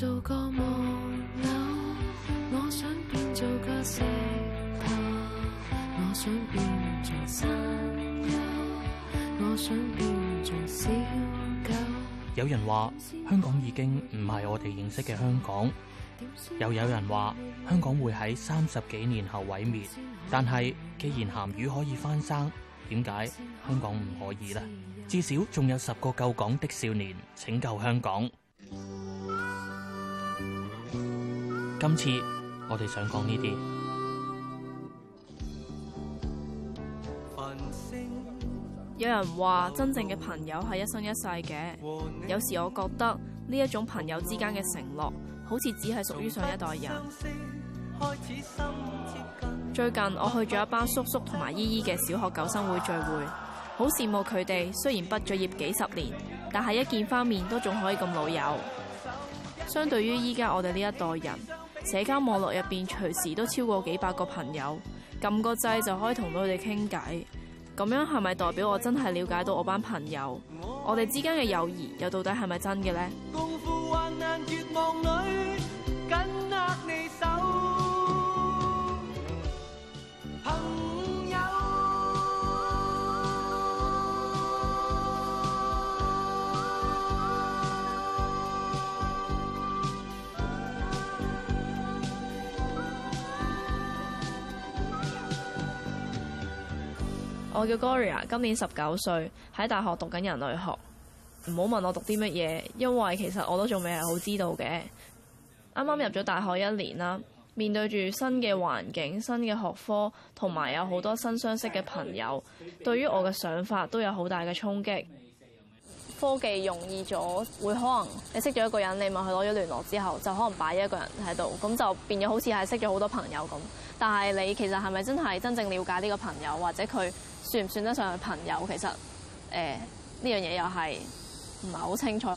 做個木偶，我想變做個石頭，我想變做山丘，我想變做小狗。有人話香港已經唔係我哋認識嘅香港，又有人話香港會喺三十幾年後毀滅。但係既然鹹魚可以翻生，點解香港唔可以呢？至少仲有十個救港的少年拯救香港。今次我哋想講呢啲。有人話真正嘅朋友係一生一世嘅。有時我覺得呢一種朋友之間嘅承諾，好似只係屬於上一代人。最近我去咗一班叔叔同埋姨姨嘅小學舊生會聚會，好羨慕佢哋。雖然畢咗業幾十年，但係一見翻面都仲可以咁老友。相對於依家我哋呢一代人。社交網絡入邊，隨時都超過幾百個朋友，撳個掣就可以同到佢哋傾偈。咁樣係咪代表我真係了解到我班朋友？我哋之間嘅友誼又到底係咪真嘅咧？我叫 Gloria，今年十九歲，喺大學讀緊人類學。唔好問我讀啲乜嘢，因為其實我都仲未係好知道嘅。啱啱入咗大學一年啦，面對住新嘅環境、新嘅學科，同埋有好多新相識嘅朋友，對於我嘅想法都有好大嘅衝擊。科技容易咗，會可能你識咗一個人，你問佢攞咗聯絡之後，就可能擺一個人喺度，咁就變咗好似係識咗好多朋友咁。但係你其實係咪真係真正了解呢個朋友，或者佢算唔算得上係朋友？其實誒，呢樣嘢又係唔係好清楚。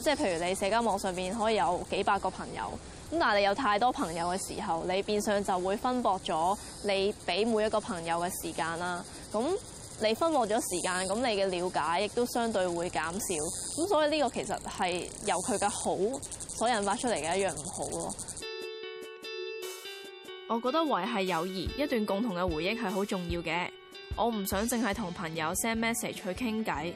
即係譬如你社交網上面可以有幾百個朋友，咁但係你有太多朋友嘅時候，你變相就會分薄咗你俾每一個朋友嘅時間啦。咁你分攞咗時間，咁你嘅了解亦都相對會減少。咁所以呢個其實係由佢嘅好所引發出嚟嘅一樣唔好。我覺得維繫友誼一段共同嘅回憶係好重要嘅。我唔想淨係同朋友 send message 去傾偈，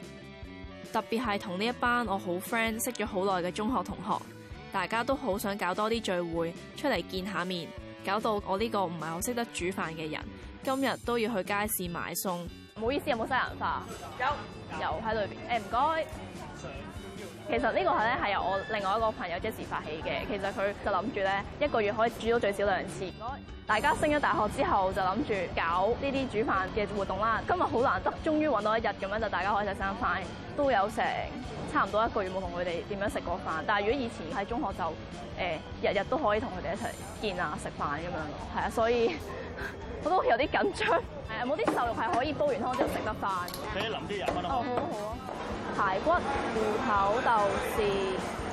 特別係同呢一班我好 friend 識咗好耐嘅中學同學，大家都好想搞多啲聚會出嚟見下面，搞到我呢個唔係好識得煮飯嘅人，今日都要去街市買餸。唔好意思，有冇西蘭花？有，有喺裏邊。誒、欸，唔該。其實呢個係咧係由我另外一個朋友 Jess 發起嘅。其實佢就諗住咧一個月可以煮到最少兩次。 大家升咗大學之後就諗住搞呢啲煮飯嘅活動啦。今日好難得，終於揾到一日咁樣，就大家可以食生飯。都有成差唔多一個月冇同佢哋點樣食過飯，但係如果以前喺中學就誒日日都可以同佢哋一齊見啊食飯咁樣咯。係啊，所以。 我都有啲緊張，冇啲瘦肉係可以煲完湯之後食得飯。俾啲淋啲油啦。哦、嗯嗯，好啊，好啊，排骨、芋頭、豆豉、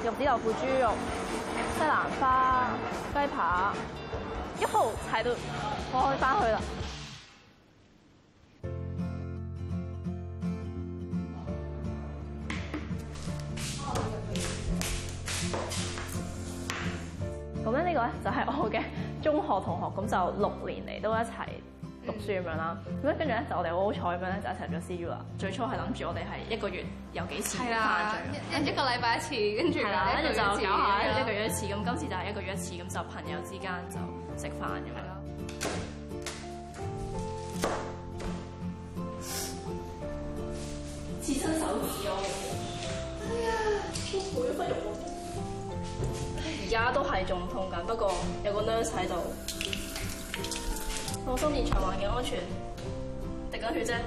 肉子豆腐、豬肉、西蘭花、雞扒，一號踩到，我可以翻去啦。咁樣呢個咧就係我嘅。中學同學咁就六年嚟都一齊讀書咁、嗯、樣啦，咁咧跟住咧就我哋好彩咁咧就一齊咗 CU 啦。最初係諗住我哋係一個月有幾次飯咁一,一,一,一個禮拜一次，跟住，跟住就搞下一個月一次咁。今次就係一個月一次咁，就朋友之間就食飯咁樣。而家都係仲痛緊，不過有個 nurse 喺度，放心現場環境安全，滴緊血啫。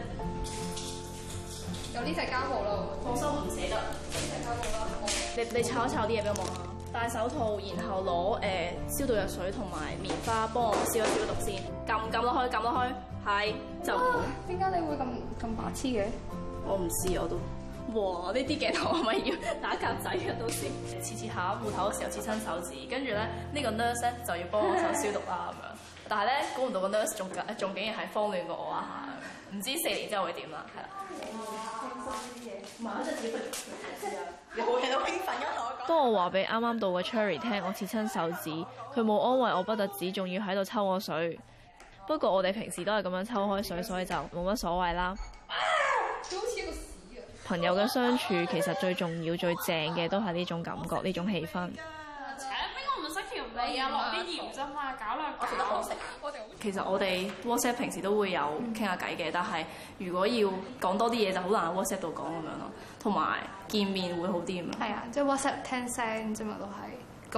有呢隻膠布啦，放心唔死得。呢隻膠布啦，你你炒一炒啲嘢俾我望下。戴手套，然後攞誒、呃、消毒藥水同埋棉花幫我消一消毒先，撳撳咯，可以撳咯，開係、啊、就。點解你會咁咁白痴嘅？我唔知我都。哇！呢啲鏡頭係咪要打格仔啊？到時次次下護頭嘅時候切親手指，跟住咧呢、呢個 nurse 咧就要幫我手消毒啦咁樣。 但係咧估唔到個 nurse 仲仲竟然係慌亂過我下、啊，唔知四年之後會點啦。係啦，輕鬆啲嘢。我好興奮，因為我當我話俾啱啱到嘅 Cherry 聽，我切親手指，佢冇 安慰我不，不得止仲要喺度抽我水。 不過我哋平時都係咁樣抽開水，所以就冇乜所謂啦。 朋友嘅相處其實最重要、最正嘅都係呢種感覺、呢種氣氛。請啲對我唔識調味啊，落啲鹽啫嘛，搞到我覺得好食。其實我哋 WhatsApp 平時都會有傾下偈嘅，嗯、但係如果要講多啲嘢就好難喺 WhatsApp 度講咁樣咯。同埋見面會好啲啊嘛。係、嗯、啊，即、就、係、是、WhatsApp 聽聲啫嘛，都係。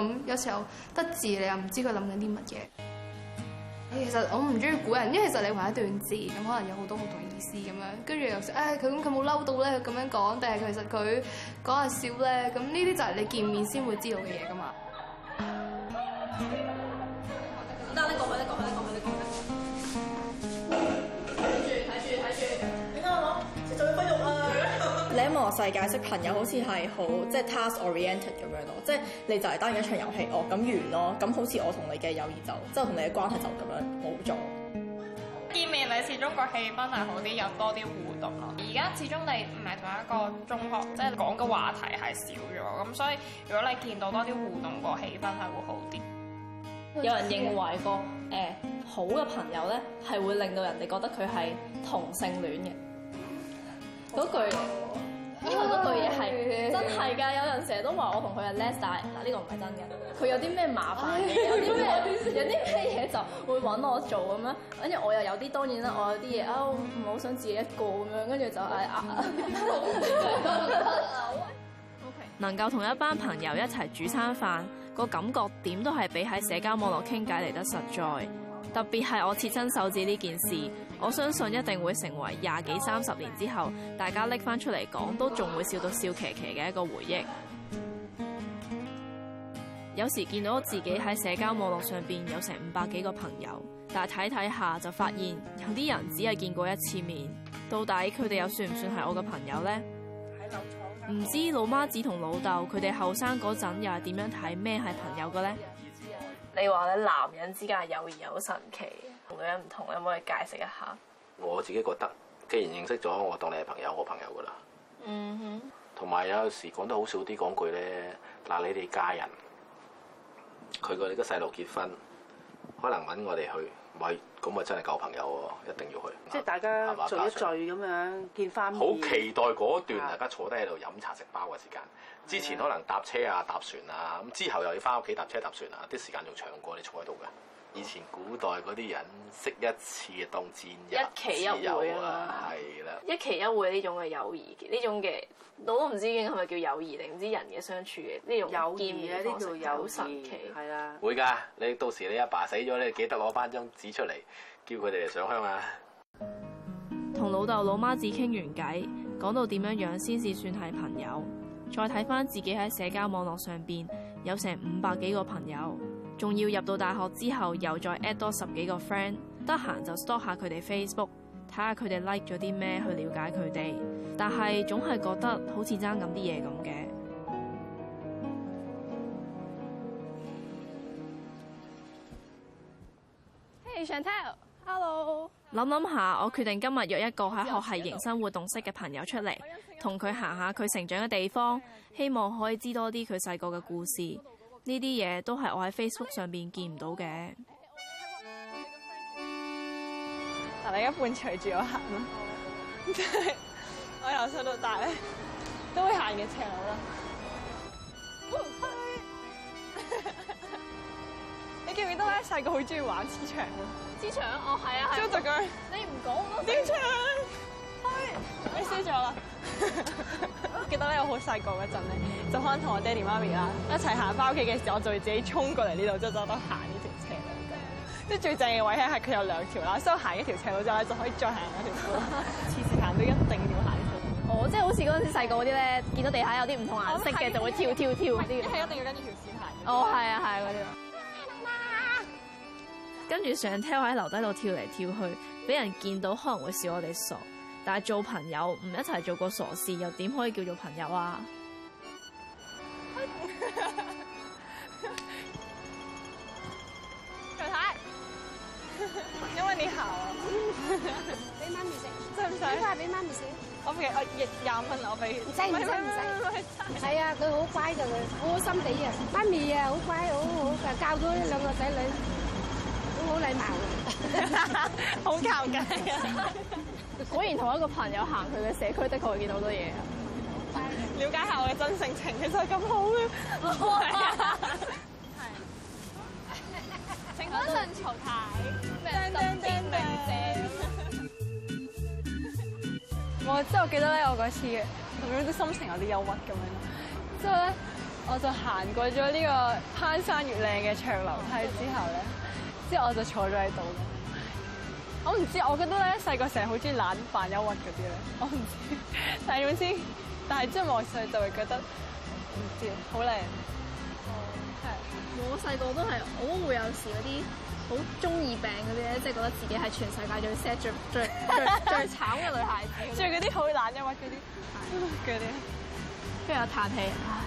咁有時候得字你又唔知佢諗緊啲乜嘢。其實我唔中意估人，因為其實你話一段字咁，可能有好多唔同意思咁樣，跟住又誒佢咁佢冇嬲到咧咁樣講，但係其實佢講下笑咧，咁呢啲就係你見面先會知道嘅嘢噶嘛。世界識朋友好似係好即係 task oriented 咁樣咯，即係你就係單一場遊戲哦咁完咯，咁好似我同你嘅友誼就即係同你嘅關係就咁樣冇咗。見面你始終個氣氛係好啲，有多啲互動咯。而家始終你唔係同一個中學，即係講嘅話題係少咗，咁所以如果你見到多啲互動個氣氛係會好啲。有人認為個誒、嗯、好嘅朋友咧係會令到人哋覺得佢係同性戀嘅、嗯、句。嗯因為嗰句嘢係真係㗎，有人成日都話我同佢係 less 大，呢個唔係真嘅。佢有啲咩麻煩，有啲咩有啲咩嘢就會揾我做咁樣。跟住我又有啲當然啦，我有啲嘢啊，唔係好想自己一個咁樣。跟住就係啊，能夠同一班朋友一齊煮餐飯，個感覺點都係比喺社交網絡傾偈嚟得實在。特別係我切親手指呢件事，我相信一定會成為廿幾三十年之後大家拎翻出嚟講都仲會笑到笑騎騎嘅一個回憶。有時見到自己喺社交網絡上邊有成五百幾個朋友，但係睇睇下就發現有啲人只係見過一次面，到底佢哋又算唔算係我嘅朋友呢？唔知老媽子同老豆佢哋後生嗰陣又係點樣睇咩係朋友嘅呢？你話咧，男人之間嘅友誼好神奇，同女人唔同，有冇去解釋一下？我自己覺得，既然認識咗，我當你係朋友，我朋友㗎喇。嗯哼。同埋有陣時講得好少啲講句咧，嗱，你哋家人佢個啲細路結婚。可能揾我哋去，唔係，咁啊真係夠朋友喎，一定要去。即係大家聚一聚咁樣，見翻好期待嗰段大家坐低喺度飲茶食包嘅時間。之前可能搭車啊、搭船啊，咁之後又要翻屋企搭車搭船啊，啲時間仲長過你坐喺度嘅。以前古代嗰啲人識一次當戰友，一期一會啊，係啦了，一期一會呢種嘅友誼，呢種嘅我都唔知應係咪叫友誼，定唔知人嘅相處嘅呢種友誼咧，呢叫友神奇，係啊，會㗎，你到時你阿爸死咗，你記得攞翻張紙出嚟，叫佢哋嚟上香啊。同老豆老媽子傾完偈，講到點樣樣先至算係朋友，再睇翻自己喺社交網絡上邊有成五百幾個朋友。仲要入到大學之後，又再 add 多十幾個 friend，得閒就 stalk 下佢哋 Facebook，睇下佢哋 like 咗啲咩，去了解佢哋。但係總係覺得好似爭咁啲嘢咁嘅。Hey，Chantelle，hello，諗諗下，我決定今日約一個喺學系迎新活動識嘅朋友出嚟，同佢行下佢成長嘅地方，希望可以知多啲佢細個嘅故事。呢啲嘢都係我喺 Facebook 上邊見唔到嘅。但係你一般隨住我行咯， 我由細到大都會行嘅斜路啦。 你記唔記得咧？細個好中意玩支長啊，支長哦，係啊係。 你唔講我都知。支走你支咗啦。 記得咧，我好細個嗰陣咧，就可能同我爹哋媽咪啦一齊行翻屋企嘅時候，我就會自己衝過嚟呢度，就走咗行呢條斜路。即係 最正嘅位喺係佢有兩條啦，所以行一條斜路之後咧，就可以再行一條路。 次次行都一定要行呢條。 哦，即係好似嗰陣時細個嗰啲咧，見到地下有啲唔同顏色嘅，就、 哦、會跳跳跳嗰啲。係 一定要跟住條線行。哦，係啊，係嗰啲。 跟住上天台喺樓底度跳嚟跳去，俾人見到可能會笑我哋傻。但係做朋友唔一齊做過傻事，又點可以叫做朋友啊？太太，因為你好，俾媽咪食，使唔使？快啲俾媽咪食，我俾我廿蚊我俾，唔使唔使唔使，係啊，佢好乖嘅，佢好心地嘅，媽咪啊，好乖好好嘅，教咗兩個仔女，好好禮貌。好靠近啊！果然同一個朋友行去嘅社區，的確會見到好多嘢啊！了解下我嘅真性情，其實係咁好嘅。係。請講陳曹太？我即係我記得咧，我嗰次咁樣啲心情有啲憂鬱咁樣，之後咧我就行過咗呢個攀山越嶺嘅長樓梯之後咧，之後我就坐咗喺度。我唔知，我覺得咧細個成日好鍾意懶煩憂鬱嗰啲咧，我唔知，但係點先？但係即係我所以就會覺得唔知好靚哦，係我細個都係我都會有時嗰啲好中二病嗰啲咧，即係覺得自己係全世界最 sad 最最最最慘嘅女孩子， 最嗰啲好懶憂鬱嗰啲啲，跟住我嘆氣，唉、哎呀，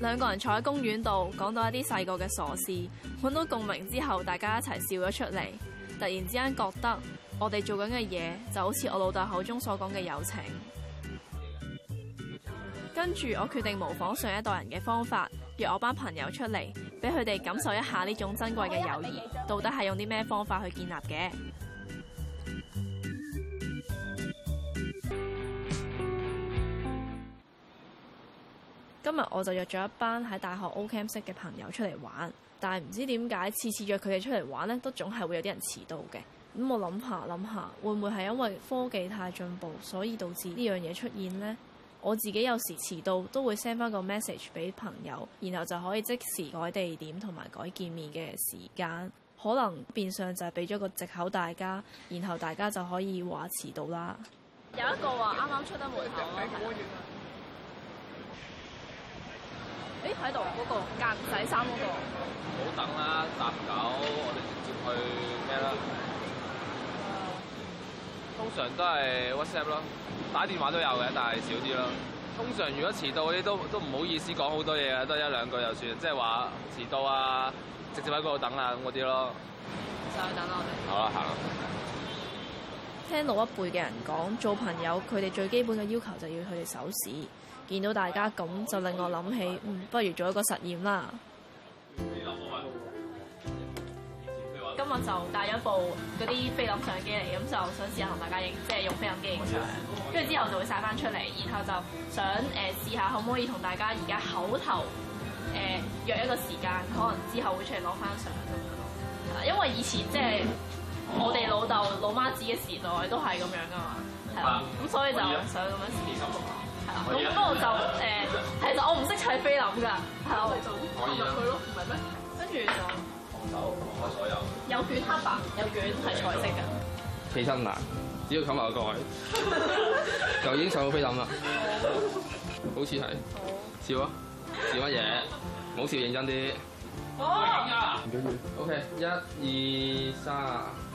兩個人坐喺公園度講到一啲細個嘅傻事，揾到共鳴之後，大家一齊笑咗出嚟。突然之間覺得我哋做緊嘅嘢就好似我老豆口中所講嘅友情，跟住我決定模仿上一代人嘅方法，約我班朋友出嚟，俾佢哋感受一下呢種珍貴嘅友誼，到底係用啲咩方法去建立嘅？今日我就約咗一班喺大學 O Camp 識嘅朋友出嚟玩。但係唔知點解次次約佢哋出嚟玩呢，都總係會有啲人遲到嘅。咁我諗下諗下，會唔會係因為科技太進步，所以導致呢樣嘢出現呢？我自己有時遲到都會 send 返個 message 俾朋友，然後就可以即時改地點同埋改見面嘅時間。可能變相就係俾咗個藉口大家，然後大家就可以話遲到啦。有一個話啱啱出得門口。嗯嗯嗯嗯嗯嗯嗯誒喺度嗰個格仔衫嗰個，唔好、那個、等啦，搭九，我哋直接去咩啦？通常都係 WhatsApp 咯，打電話都有嘅，但係少啲咯。通常如果遲到嗰啲都都唔好意思講好多嘢嘅，得一兩句就算，即係話遲到啊，直接喺嗰度等啊咁嗰啲咯。就去等我哋。好啦，行啦。聽老一輩嘅人講，做朋友佢哋最基本嘅要求就要佢哋守時。見到大家咁，就令我諗起，嗯，不如做一個實驗啦。今日就帶咗部嗰啲菲林相機嚟，咁就想試下同大家影，即係用菲林機影相。跟住之後就會晒翻出嚟，然後就想誒試下可唔可以同大家而家口頭誒、呃、約一個時間，可能之後會出嚟攞翻相咁樣咯。因為以前即、就、係、是。嗯我哋老豆老媽子嘅時代都係咁樣噶嘛，係啊，咁所以就想咁樣試心動咯，係啊。咁不過就誒，其實我唔識砌菲林㗎，係啊。可以就冚咯，唔係咩？跟住就放手放開所有。有卷黑白，有卷係彩色㗎。企身喇，只要冚埋個位，就已經上到菲林啦。好似係。笑啊！笑乜嘢？唔好笑，認真啲。啊！唔緊要。O K，一、二、三。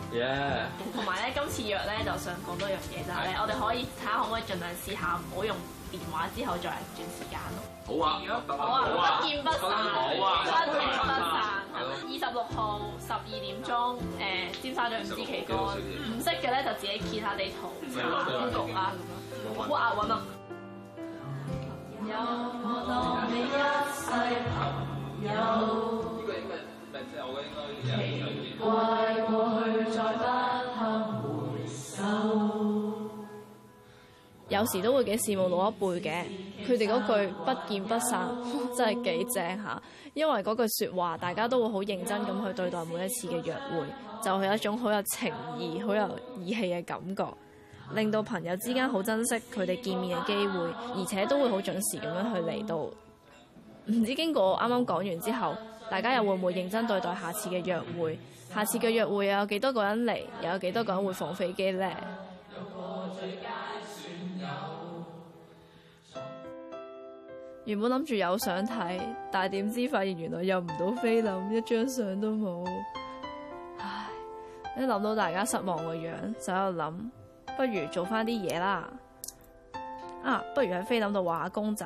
同埋咧，今次約咧就想講多樣嘢，就係咧，我哋可以睇下可唔可以儘量試下唔好用電話，之後再轉時間咯。好啊，好啊，不見不散，不見不散，二十六號十二點鐘，誒，尖沙咀唔知旗杆，唔識嘅咧就自己揭下地圖，佈局啊，咁啊，好啊，揾啊。有我當你一世朋友。呢個應該唔係我應該。有時都會幾羨慕老一輩嘅，佢哋嗰句不見不散真係幾正嚇，因為嗰句説話大家都會好認真咁去對待每一次嘅約會，就係一種好有情意、好有義氣嘅感覺，令到朋友之間好珍惜佢哋見面嘅機會，而且都會好準時咁樣去嚟到。唔知經過我啱啱講完之後，大家又會唔會認真對待下次嘅約會？下次嘅約會又有幾多個人嚟？又有幾多個人會放飛機呢？原本諗住有相睇，但係點知發現原來入唔到菲林，一張相都冇。唉，一諗到大家失望嘅樣，就喺度諗，不如做翻啲嘢啦。啊，不如喺菲林度畫下公仔，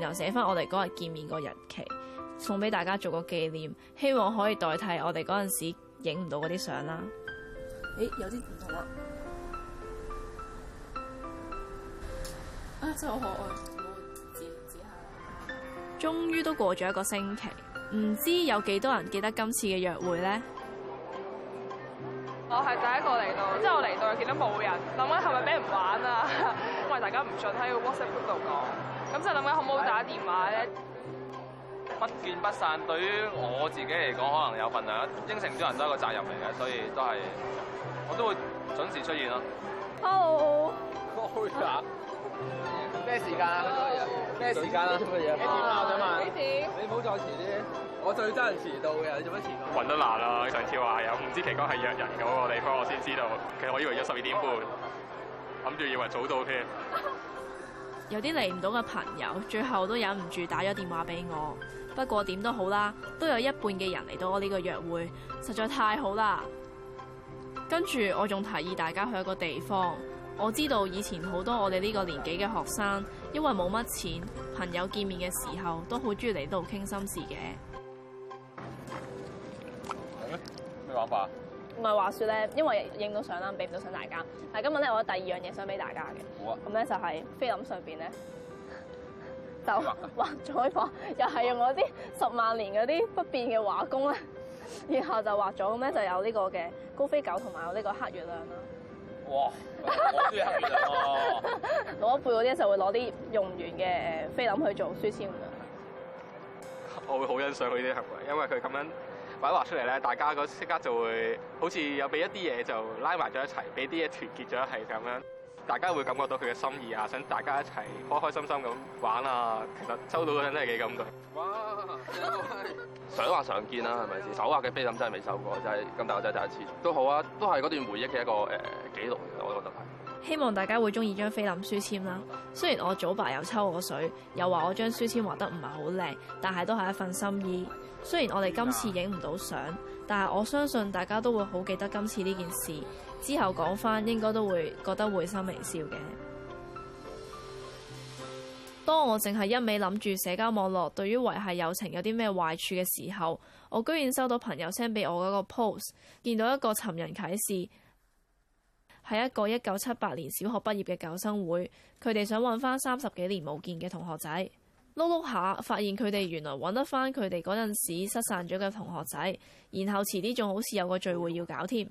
然後寫翻我哋嗰日見面個日期，送俾大家做個紀念，希望可以代替我哋嗰陣時影唔到嗰啲相啦。誒、欸，有啲唔同啊。啊，真係好可愛終於都過咗一個星期，唔知有幾多人記得今次嘅約會咧？我係第一個嚟到，之後嚟到又見到冇人，諗緊係咪俾人玩啊？因為大家唔信，喺個 WhatsApp 度講，咁就諗緊可唔好打電話咧？不見不散，對於我自己嚟講，可能有份量，應承咗人都係一個責任嚟嘅，所以都係我都會準時出現咯。Hello，高達咩時間？咩時間啊？幾點啊？想問，幾點？你唔好再遲啲。我最憎遲到嘅，你做乜遲到？暈得難啦、啊！上次話有唔知幾個係約人嗰個地方，我先知道。其實我以為約十二點半，諗住以為早到添。有啲嚟唔到嘅朋友，最後都忍唔住打咗電話俾我。不過點都好啦，都有一半嘅人嚟到我呢個約會，實在太好啦。跟住我仲提議大家去一個地方。我知道以前好多我哋呢個年紀嘅學生。因為冇乜錢，朋友見面嘅時候都好中意嚟度傾心事嘅。咩玩法？唔係話說咧，因為影到相啦，俾唔到相大家。但係今日咧，我有第二樣嘢想俾大家嘅。好啊哇。咁咧就係菲林上邊咧， 就畫彩畫，又係用我啲十萬年嗰啲不變嘅畫工啦。然後就畫咗咁咧，就有呢個嘅高飛狗同埋有呢個黑月亮啦。哇！我中意行咯，老一輩嗰啲就會攞啲用唔完嘅菲林去做書簽噶。我會好欣賞佢啲行為，因為佢咁樣畫一畫出嚟咧，大家嗰即刻就會好似有俾一啲嘢就拉埋咗一齊，俾啲嘢團結咗係咁樣。大家會感覺到佢嘅心意啊，想大家一齊開開心心咁玩啊！其實收到嗰陣真係幾感動。哇！ 想話常見啦、啊，係咪先？ 手下悲收下嘅飛鷹真係未收過，真係咁大我真仔第一次。都好啊，都係嗰段回憶嘅一個誒記、呃、錄、啊，我覺得係。希望大家會中意張菲林書籤啦。雖然我早爸又抽我水，又話我張書籤畫得唔係好靚，但係都係一份心意。雖然我哋今次影唔到相，但係我相信大家都會好記得今次呢件事。之後講翻應該都會覺得會心微笑嘅。當我淨係一味諗住社交網絡對於維繫友情有啲咩壞處嘅時候，我居然收到朋友 send 俾我嗰個 post，見到一個尋人啟事。係一個一九七八年小學畢業嘅舊生會，佢哋想揾翻三十幾年冇見嘅同學仔，碌碌下發現佢哋原來揾得翻佢哋嗰陣時失散咗嘅同學仔，然後遲啲仲好似有個聚會要搞添。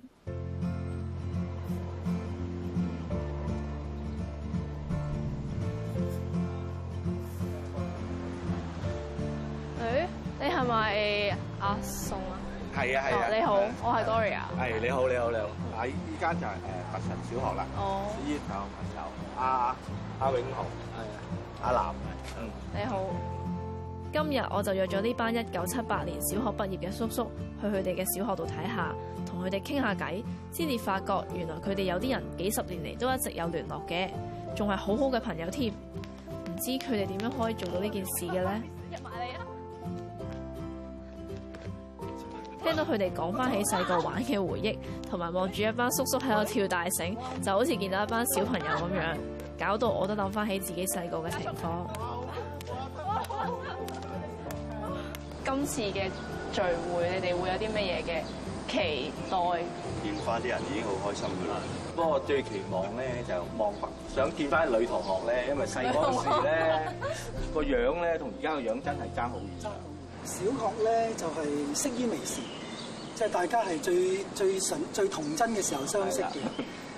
哎，你係咪阿宋？係啊係啊，你好，的我係 Gloria。係，你好你好你好，喺依間就係誒佛神小學啦。哦。啲同學朋友，阿阿永紅，係啊，阿藍，嗯。你好，你好你好哦、今日我就約咗呢班一九七八年小學畢業嘅叔叔去佢哋嘅小學度睇下，同佢哋傾下偈，先至發覺原來佢哋有啲人幾十年嚟都一直有聯絡嘅，仲係好好嘅朋友添。唔知佢哋點樣可以做到呢件事嘅咧？聽到佢哋講翻起細個玩嘅回憶，同埋望住一班叔叔喺度跳大繩，就好似見到一班小朋友咁樣，搞到我都諗翻起自己細個嘅情況。 今次嘅聚會，你哋會有啲乜嘢嘅期待？變化？啲人已經好開心噶啦， 不過我最期望咧就望想見翻女同學咧，因為細嗰陣時咧個 樣咧同而家個樣真係爭好遠。小學咧就係識於微時，即係大家係最最純最童真嘅時候相識嘅，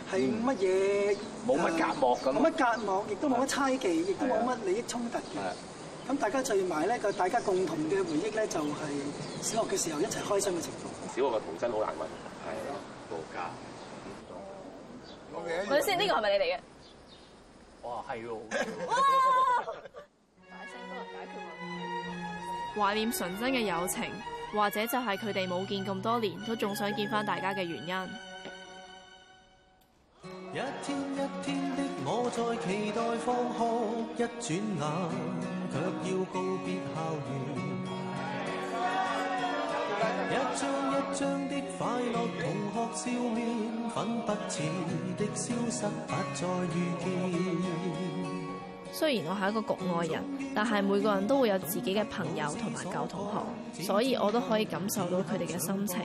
係乜嘢？冇乜隔膜，冇乜隔膜，亦都冇乜猜忌，亦都冇乜利益衝突嘅。咁大家聚埋咧，個大家共同嘅回憶咧就係小學嘅時候一齊開心嘅情況。小學嘅童真好難揾，係冇假。我哋先呢個係咪你嚟嘅？哇，係喎！哇，大聲幫我解決問懷念純真嘅友情，或者就係佢哋冇見咁多年，都仲想見翻大家嘅原因。一天一天的我在期待放學，一轉眼卻要告別校園。一張一張的快樂同學笑面，粉不似的消失，不再遇見。雖然我係一個局外人，但係每個人都會有自己嘅朋友同埋舊同學，所以我都可以感受到佢哋嘅心情。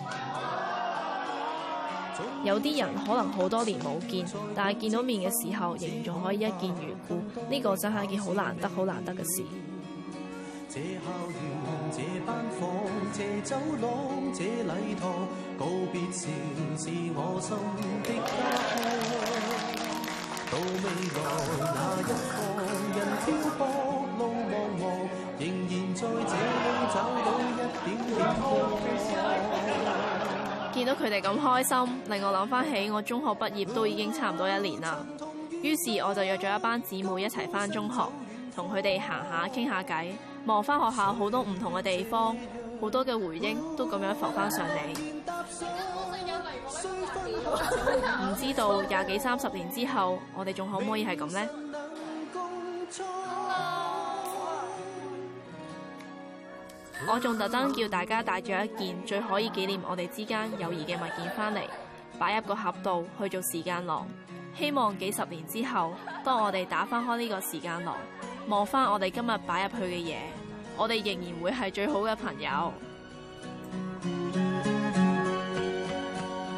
有啲人可能好多年冇見，但係見到面嘅時候，仍然仲可以一見如故，呢個真係一件好難得好難得嘅事。 到未來那一個人飄泊路茫茫，仍然在這裡找到一點點。見到佢哋咁開心，令我諗翻起我中學畢業都已經差唔多一年啦。於是我就約咗一班姊妹一齊翻中學，逛逛聊聊學，同佢哋行下傾下偈，望翻學校好多唔同嘅地方，好多嘅回憶都咁樣浮翻上嚟。唔 知道廿幾三十年之後，我哋仲可唔可以係咁呢？Hello. 我仲特登叫大家帶住一件最可以紀念我哋之間友誼嘅物件返嚟，擺入個盒度去做時間囊。希望幾十年之後，當我哋打翻開呢個時間囊，望翻我哋今日擺入去嘅嘢，我哋仍然會係最好嘅朋友。